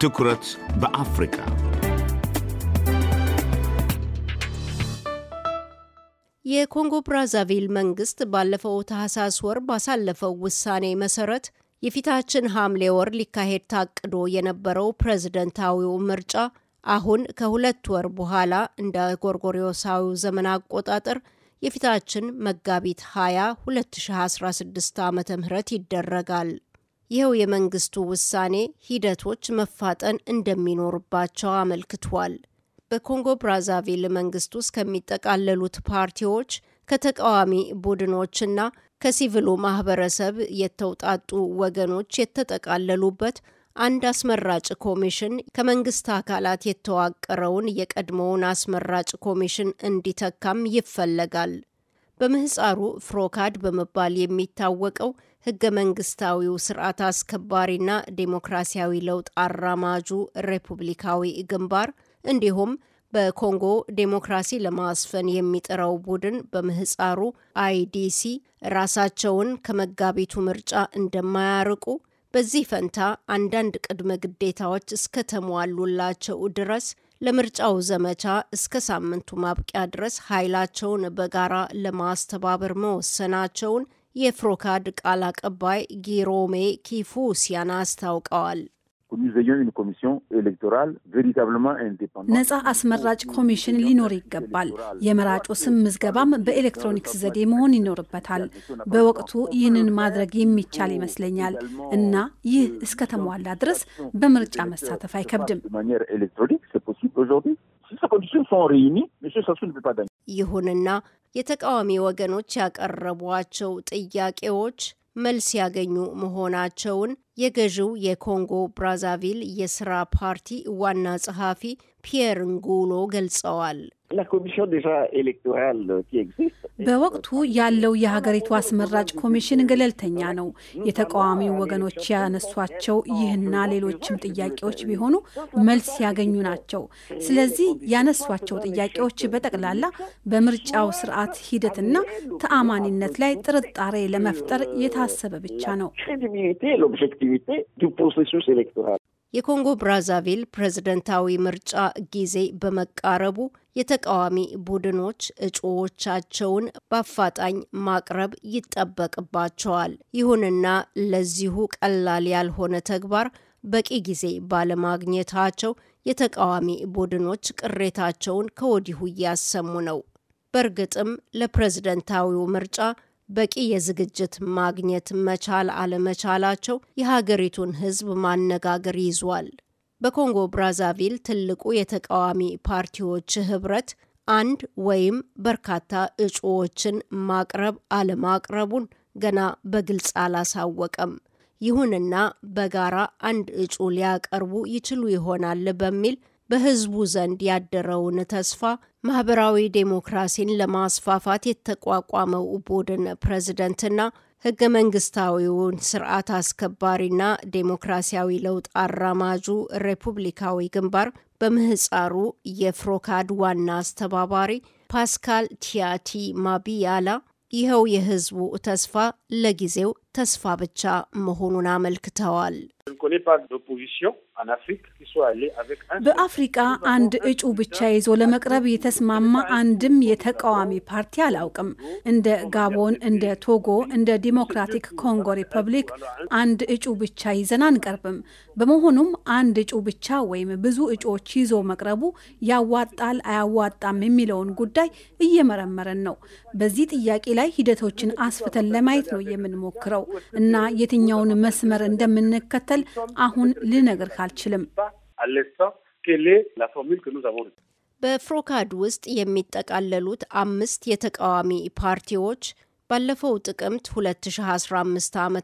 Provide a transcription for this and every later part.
ትኩረት በአፍሪካ የኮንጎ ብራዛቪል መንግስት ባለፈው ታህሳስ ወር ባሳለፈው ውሳኔ መሰረት የፊታችን ሐምሌ ወር ሊካሄድ ታቅዶ የነበረው ፕሬዝደንታዊው ምርጫ አሁን ከሁለት ወር በኋላ እንደ ጎርጎሪዮሳዊው ዘመን አቆጣጠር የፊታችን መጋቢት 20 2016 ዓ ም ይደረጋል። ይኸው የመንግስቱ ውሳኔ ሂደቶች መፋጠን እንደሚኖርባቸው አመልክቷል። በኮንጎ ብራዛቪል መንግስት ውስጥ ከሚጠቃለሉት ፓርቲዎች ከተቃዋሚ ቡድኖችና ከሲቪሉ ማህበረሰብ የተውጣጡ ወገኖች የተጠቃለሉበት አንድ አስመራጭ ኮሚሽን ከመንግስት አካላት የተዋቀረውን የቀድሞውን አስመራጭ ኮሚሽን እንዲተካም ይፈለጋል። በምህፃሩ ፍሮካድ በመባል የሚታወቀው ህገ መንግስታዊው ስርዓት አስከባሪና ዴሞክራሲያዊ ለውጥ አራማጁ ሬፑብሊካዊ ግንባር እንዲሁም በኮንጎ ዴሞክራሲ ለማስፈን የሚጥረው ቡድን በምህፃሩ አይዲሲ ራሳቸውን ከመጋቢቱ ምርጫ እንደማያርቁ በዚህ ፈንታ አንዳንድ ቅድመ ግዴታዎች እስከተሟሉላቸው ድረስ ለምርጫው ዘመቻ እስከ ሳምንቱ ማብቂያ ድረስ ኃይላቸውን በጋራ ለማስተባበር መወሰናቸውን የፍሮካድ ቃል አቀባይ ጊሮሜ ኪፉሲያን አስታውቀዋል። nous ayons une commission électorale véritablement indépendante. ነጻ አስመራጭ ኮሚሽን ሊኖር ይገባል። የመራጩ ስም ምዝገባም በኤሌክትሮኒክስ ዘዴ መሆን ይኖርበታል። በወቅቱ ይህንን ማድረግ የሚቻል ይመስለኛል እና ይህ እስከተሟላ ድረስ በምርጫ መሳተፍ አይከብድም። ይሁንና የተቃዋሚ ወገኖች ያቀረቧቸው ጥያቄዎች መልስ ያገኙ መሆናቸውን የገዢው የኮንጎ ብራዛቪል የስራ ፓርቲ ዋና ጸሐፊ ፒየር ንጉሎ ገልጸዋል። ለኮሚሽን በወቅቱ ያለው የሀገሪቱ አስመራጭ ኮሚሽን ገለልተኛ ነው። የተቃዋሚ ወገኖች ያነሷቸው ይህና ሌሎችም ጥያቄዎች ቢሆኑ መልስ ያገኙ ናቸው። ስለዚህ ያነሷቸው ጥያቄዎች በጠቅላላ በምርጫው ስርዓት ሂደትና ተአማኒነት ላይ ጥርጣሬ ለመፍጠር የታሰበ ብቻ ነው። የኮንጎ ብራዛቪል ፕሬዝደንታዊ ምርጫ ጊዜ በመቃረቡ የተቃዋሚ ቡድኖች እጩዎቻቸውን በአፋጣኝ ማቅረብ ይጠበቅባቸዋል። ይሁንና ለዚሁ ቀላል ያልሆነ ተግባር በቂ ጊዜ ባለማግኘታቸው የተቃዋሚ ቡድኖች ቅሬታቸውን ከወዲሁ እያሰሙ ነው። በእርግጥም ለፕሬዝደንታዊው ምርጫ በቂ የዝግጅት ማግኘት መቻል አለመቻላቸው የሀገሪቱን ሕዝብ ማነጋገር ይዟል። በኮንጎ ብራዛቪል ትልቁ የተቃዋሚ ፓርቲዎች ህብረት አንድ ወይም በርካታ እጩዎችን ማቅረብ አለማቅረቡን ገና በግልጽ አላሳወቀም። ይሁንና በጋራ አንድ እጩ ሊያቀርቡ ይችሉ ይሆናል በሚል በህዝቡ ዘንድ ያደረውን ተስፋ ማህበራዊ ዴሞክራሲን ለማስፋፋት የተቋቋመው ቡድን ፕሬዝደንትና ህገ መንግስታዊውን ስርዓት አስከባሪና ዴሞክራሲያዊ ለውጥ አራማጁ ሪፑብሊካዊ ግንባር በምህፃሩ የፍሮካድ ዋና አስተባባሪ ፓስካል ቲያቲ ማቢያላ ይኸው የህዝቡ ተስፋ ለጊዜው ተስፋ ብቻ መሆኑን አመልክተዋል። በአፍሪቃ አንድ እጩ ብቻ ይዞ ለመቅረብ የተስማማ አንድም የተቃዋሚ ፓርቲ አላውቅም። እንደ ጋቦን፣ እንደ ቶጎ፣ እንደ ዲሞክራቲክ ኮንጎ ሪፐብሊክ አንድ እጩ ብቻ ይዘን አንቀርብም። በመሆኑም አንድ እጩ ብቻ ወይም ብዙ እጩዎች ይዞ መቅረቡ ያዋጣል አያዋጣም የሚለውን ጉዳይ እየመረመረን ነው። በዚህ ጥያቄ ላይ ሂደቶችን አስፍተን ለማየት ነው የምንሞክረው። የነበረው እና የትኛውን መስመር እንደምንከተል አሁን ልነግርህ አልችልም። በፍሮካድ ውስጥ የሚጠቃለሉት አምስት የተቃዋሚ ፓርቲዎች ባለፈው ጥቅምት 2015 ዓ ም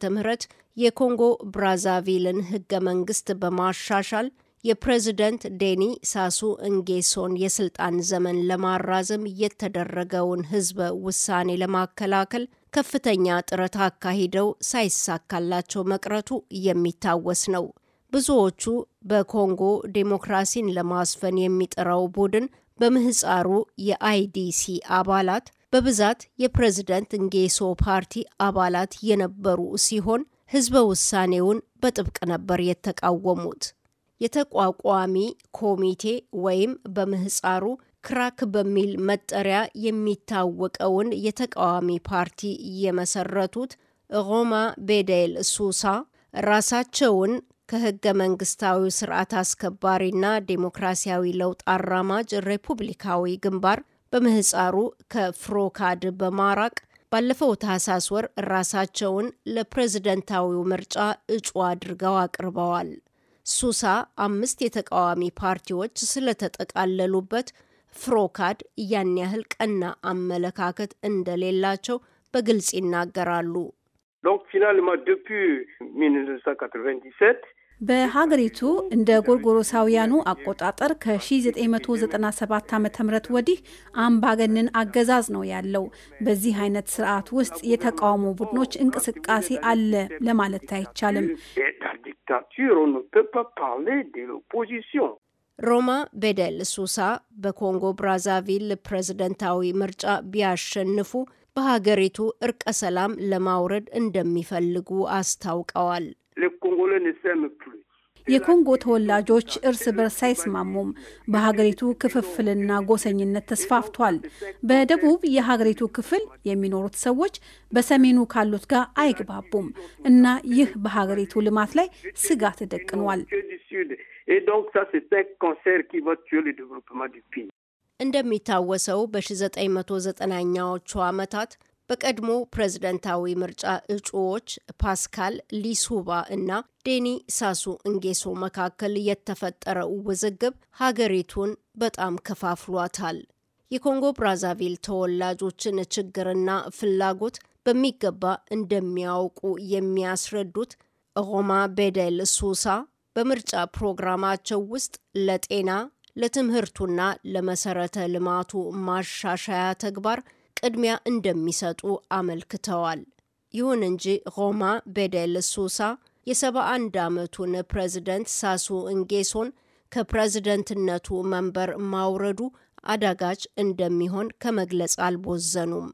የኮንጎ ብራዛቪልን ህገ መንግስት በማሻሻል የፕሬዝደንት ዴኒ ሳሱ እንጌሶን የስልጣን ዘመን ለማራዘም የተደረገውን ህዝበ ውሳኔ ለማከላከል ከፍተኛ ጥረት አካሂደው ሳይሳካላቸው መቅረቱ የሚታወስ ነው። ብዙዎቹ በኮንጎ ዴሞክራሲን ለማስፈን የሚጠራው ቡድን በምህፃሩ የአይዲሲ አባላት በብዛት የፕሬዝደንት እንጌሶ ፓርቲ አባላት የነበሩ ሲሆን ህዝበ ውሳኔውን በጥብቅ ነበር የተቃወሙት። የተቋቋሚ ኮሚቴ ወይም በምህፃሩ ክራክ በሚል መጠሪያ የሚታወቀውን የተቃዋሚ ፓርቲ የመሰረቱት ሮማ ቤዴል ሱሳ ራሳቸውን ከህገ መንግስታዊ ስርዓት አስከባሪና ዴሞክራሲያዊ ለውጥ አራማጅ ሬፑብሊካዊ ግንባር በምህፃሩ ከፍሮካድ በማራቅ ባለፈው ታህሳስ ወር ራሳቸውን ለፕሬዝደንታዊው ምርጫ እጩ አድርገው አቅርበዋል። ሱሳ አምስት የተቃዋሚ ፓርቲዎች ስለተጠቃለሉበት ፍሮካድ ያን ያህል ቀና አመለካከት እንደሌላቸው በግልጽ ይናገራሉ። በሀገሪቱ እንደ ጎርጎሮሳውያኑ አቆጣጠር ከ1997 ዓ ም ወዲህ አምባገነን አገዛዝ ነው ያለው። በዚህ አይነት ስርዓት ውስጥ የተቃውሞ ቡድኖች እንቅስቃሴ አለ ለማለት አይቻልም። dictature, on ne peut pas parler de l'opposition. ሮማ ቤደል ሱሳ በኮንጎ ብራዛቪል ፕሬዝደንታዊ ምርጫ ቢያሸንፉ በሀገሪቱ እርቀ ሰላም ለማውረድ እንደሚፈልጉ አስታውቀዋል። የኮንጎ ተወላጆች እርስ በርስ አይስማሙም። በሀገሪቱ ክፍፍልና ጎሰኝነት ተስፋፍቷል። በደቡብ የሀገሪቱ ክፍል የሚኖሩት ሰዎች በሰሜኑ ካሉት ጋር አይግባቡም እና ይህ በሀገሪቱ ልማት ላይ ስጋት ደቅኗል። እንደሚታወሰው በ1990ዎቹ ዓመታት በቀድሞ ፕሬዝደንታዊ ምርጫ እጩዎች ፓስካል ሊሱባ እና ዴኒ ሳሱ እንጌሶ መካከል የተፈጠረው ውዝግብ ሀገሪቱን በጣም ከፋፍሏታል። የኮንጎ ብራዛቪል ተወላጆችን ችግርና ፍላጎት በሚገባ እንደሚያውቁ የሚያስረዱት ሮማ ቤደል ሱሳ በምርጫ ፕሮግራማቸው ውስጥ ለጤና ለትምህርቱና ለመሰረተ ልማቱ ማሻሻያ ተግባር ቅድሚያ እንደሚሰጡ አመልክተዋል። ይሁን እንጂ ሮማ ቤደል ሱሳ የ71 ዓመቱን ፕሬዝደንት ሳሱ እንጌሶን ከፕሬዝደንትነቱ መንበር ማውረዱ አዳጋች እንደሚሆን ከመግለጽ አልቦዘኑም።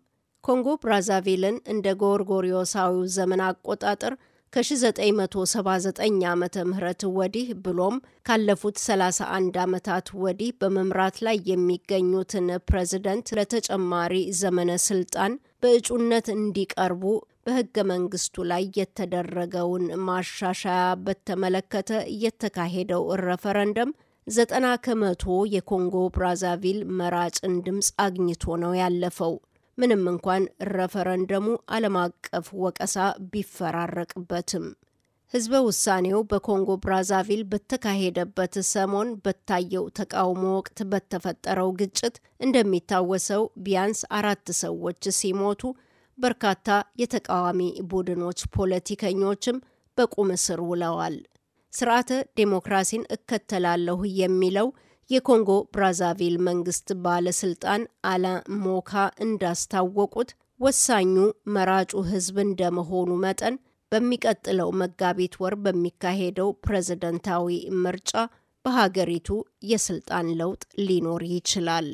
ኮንጎ ብራዛቪልን እንደ ጎርጎሪዮሳዊው ዘመን አቆጣጠር ከ1979 ዓ ም ወዲህ ብሎም ካለፉት 31 ዓመታት ወዲህ በመምራት ላይ የሚገኙትን ፕሬዝደንት ለተጨማሪ ዘመነ ስልጣን በእጩነት እንዲቀርቡ በህገ መንግስቱ ላይ የተደረገውን ማሻሻያ በተመለከተ የተካሄደው ረፈረንደም ዘጠና ከመቶ የኮንጎ ብራዛቪል መራጭን ድምፅ አግኝቶ ነው ያለፈው። ምንም እንኳን ረፈረንደሙ ዓለም አቀፍ ወቀሳ ቢፈራረቅበትም። ህዝበ ውሳኔው በኮንጎ ብራዛቪል በተካሄደበት ሰሞን በታየው ተቃውሞ ወቅት በተፈጠረው ግጭት እንደሚታወሰው ቢያንስ አራት ሰዎች ሲሞቱ በርካታ የተቃዋሚ ቡድኖች ፖለቲከኞችም በቁም ስር ውለዋል። ስርዓተ ዴሞክራሲን እከተላለሁ የሚለው የኮንጎ ብራዛቪል መንግስት ባለስልጣን አላ ሞካ እንዳስታወቁት ወሳኙ መራጩ ህዝብ እንደመሆኑ መጠን በሚቀጥለው መጋቢት ወር በሚካሄደው ፕሬዝደንታዊ ምርጫ በሀገሪቱ የስልጣን ለውጥ ሊኖር ይችላል።